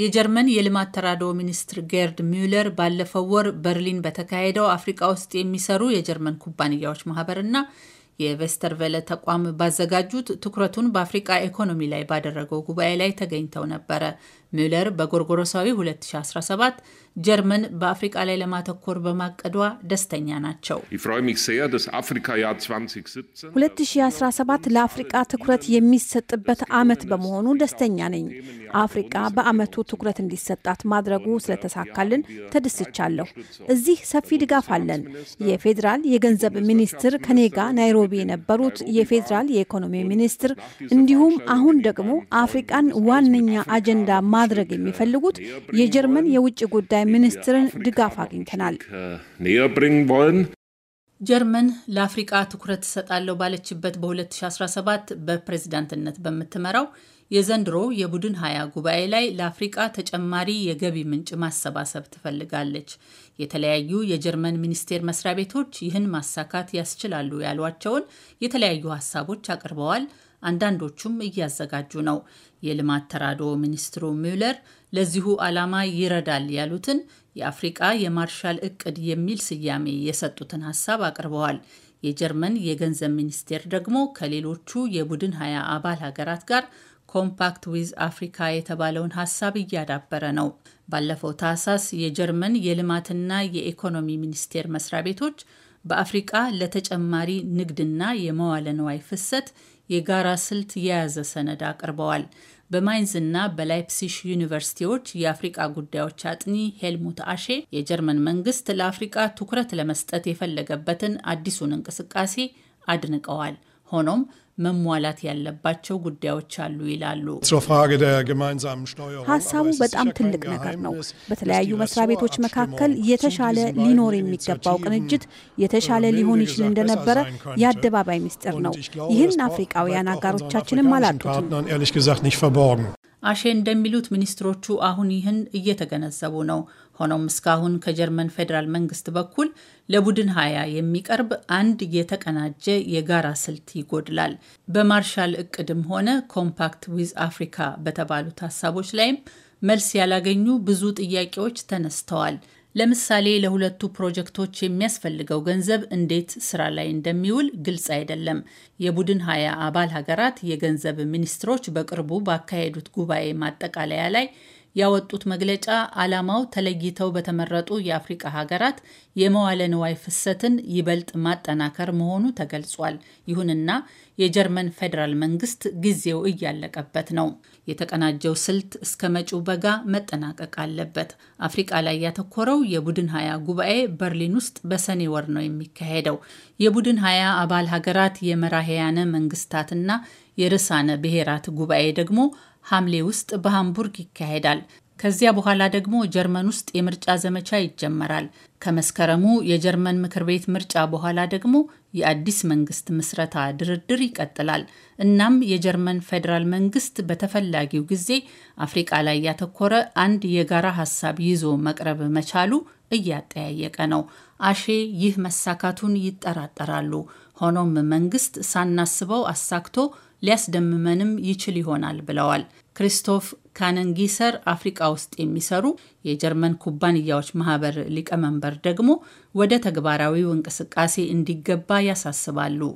የጀርመን የልማት ተራድኦ ሚኒስትር ጌርድ ሚውለር ባለፈው ወር በርሊን በተካሄደው አፍሪቃ ውስጥ የሚሰሩ የጀርመን ኩባንያዎች ማህበርና የቬስተርቬለ ተቋም ባዘጋጁት ትኩረቱን በአፍሪቃ ኢኮኖሚ ላይ ባደረገው ጉባኤ ላይ ተገኝተው ነበረ። ሚለር በጎርጎሮሳዊ 2017 ጀርመን በአፍሪቃ ላይ ለማተኮር በማቀዷ ደስተኛ ናቸው። 2017 ለአፍሪቃ ትኩረት የሚሰጥበት ዓመት በመሆኑ ደስተኛ ነኝ። አፍሪቃ በዓመቱ ትኩረት እንዲሰጣት ማድረጉ ስለተሳካልን ተደስቻለሁ። እዚህ ሰፊ ድጋፍ አለን። የፌዴራል የገንዘብ ሚኒስትር ከኔጋ ናይሮቢ በሮቤ የነበሩት የፌዴራል የኢኮኖሚ ሚኒስትር እንዲሁም አሁን ደግሞ አፍሪቃን ዋነኛ አጀንዳ ማድረግ የሚፈልጉት የጀርመን የውጭ ጉዳይ ሚኒስትርን ድጋፍ አግኝተናል። ጀርመን ለአፍሪቃ ትኩረት ትሰጣለሁ ባለችበት በ2017 በፕሬዝዳንትነት በምትመራው የዘንድሮ የቡድን ሀያ ጉባኤ ላይ ለአፍሪቃ ተጨማሪ የገቢ ምንጭ ማሰባሰብ ትፈልጋለች። የተለያዩ የጀርመን ሚኒስቴር መስሪያ ቤቶች ይህን ማሳካት ያስችላሉ ያሏቸውን የተለያዩ ሀሳቦች አቅርበዋል። አንዳንዶቹም እያዘጋጁ ነው። የልማት ተራድኦ ሚኒስትሩ ሚውለር ለዚሁ ዓላማ ይረዳል ያሉትን የአፍሪቃ የማርሻል እቅድ የሚል ስያሜ የሰጡትን ሀሳብ አቅርበዋል። የጀርመን የገንዘብ ሚኒስቴር ደግሞ ከሌሎቹ የቡድን ሀያ አባል ሀገራት ጋር ኮምፓክት ዊዝ አፍሪካ የተባለውን ሀሳብ እያዳበረ ነው። ባለፈው ታህሳስ የጀርመን የልማትና የኢኮኖሚ ሚኒስቴር መስሪያ ቤቶች በአፍሪቃ ለተጨማሪ ንግድና የመዋለ ንዋይ ፍሰት የጋራ ስልት የያዘ ሰነድ አቅርበዋል። በማይንዝና በላይፕሲሽ ዩኒቨርሲቲዎች የአፍሪቃ ጉዳዮች አጥኒ ሄልሙት አሼ የጀርመን መንግስት ለአፍሪቃ ትኩረት ለመስጠት የፈለገበትን አዲሱን እንቅስቃሴ አድንቀዋል። ሆኖም መሟላት ያለባቸው ጉዳዮች አሉ ይላሉ። ሀሳቡ በጣም ትልቅ ነገር ነው። በተለያዩ መስሪያ ቤቶች መካከል የተሻለ ሊኖር የሚገባው ቅንጅት የተሻለ ሊሆን ይችል እንደነበረ የአደባባይ ምስጢር ነው። ይህን አፍሪቃውያን አጋሮቻችንም አላጡትም። አሼ እንደሚሉት ሚኒስትሮቹ አሁን ይህን እየተገነዘቡ ነው። ሆኖም እስካሁን ከጀርመን ፌዴራል መንግስት በኩል ለቡድን ሀያ የሚቀርብ አንድ የተቀናጀ የጋራ ስልት ይጎድላል። በማርሻል እቅድም ሆነ ኮምፓክት ዊዝ አፍሪካ በተባሉት ሀሳቦች ላይም መልስ ያላገኙ ብዙ ጥያቄዎች ተነስተዋል። ለምሳሌ ለሁለቱ ፕሮጀክቶች የሚያስፈልገው ገንዘብ እንዴት ስራ ላይ እንደሚውል ግልጽ አይደለም። የቡድን ሀያ አባል ሀገራት የገንዘብ ሚኒስትሮች በቅርቡ ባካሄዱት ጉባኤ ማጠቃለያ ላይ ያወጡት መግለጫ ዓላማው ተለይተው በተመረጡ የአፍሪቃ ሀገራት የመዋለ ንዋይ ፍሰትን ይበልጥ ማጠናከር መሆኑ ተገልጿል። ይሁንና የጀርመን ፌዴራል መንግስት ጊዜው እያለቀበት ነው። የተቀናጀው ስልት እስከ መጪው በጋ መጠናቀቅ አለበት። አፍሪቃ ላይ ያተኮረው የቡድን ሀያ ጉባኤ በርሊን ውስጥ በሰኔ ወር ነው የሚካሄደው። የቡድን ሀያ አባል ሀገራት የመራሄያነ መንግስታትና የርዕሳነ ብሔራት ጉባኤ ደግሞ ሐምሌ ውስጥ በሃምቡርግ ይካሄዳል። ከዚያ በኋላ ደግሞ ጀርመን ውስጥ የምርጫ ዘመቻ ይጀመራል። ከመስከረሙ የጀርመን ምክር ቤት ምርጫ በኋላ ደግሞ የአዲስ መንግስት ምስረታ ድርድር ይቀጥላል። እናም የጀርመን ፌዴራል መንግስት በተፈላጊው ጊዜ አፍሪቃ ላይ ያተኮረ አንድ የጋራ ሀሳብ ይዞ መቅረብ መቻሉ እያጠያየቀ ነው። አሼ ይህ መሳካቱን ይጠራጠራሉ። ሆኖም መንግስት ሳናስበው አሳክቶ ሊያስደምመንም ይችል ይሆናል ብለዋል። ክሪስቶፍ ካነንጊሰር አፍሪቃ ውስጥ የሚሰሩ የጀርመን ኩባንያዎች ማህበር ሊቀመንበር ደግሞ ወደ ተግባራዊው እንቅስቃሴ እንዲገባ ያሳስባሉ።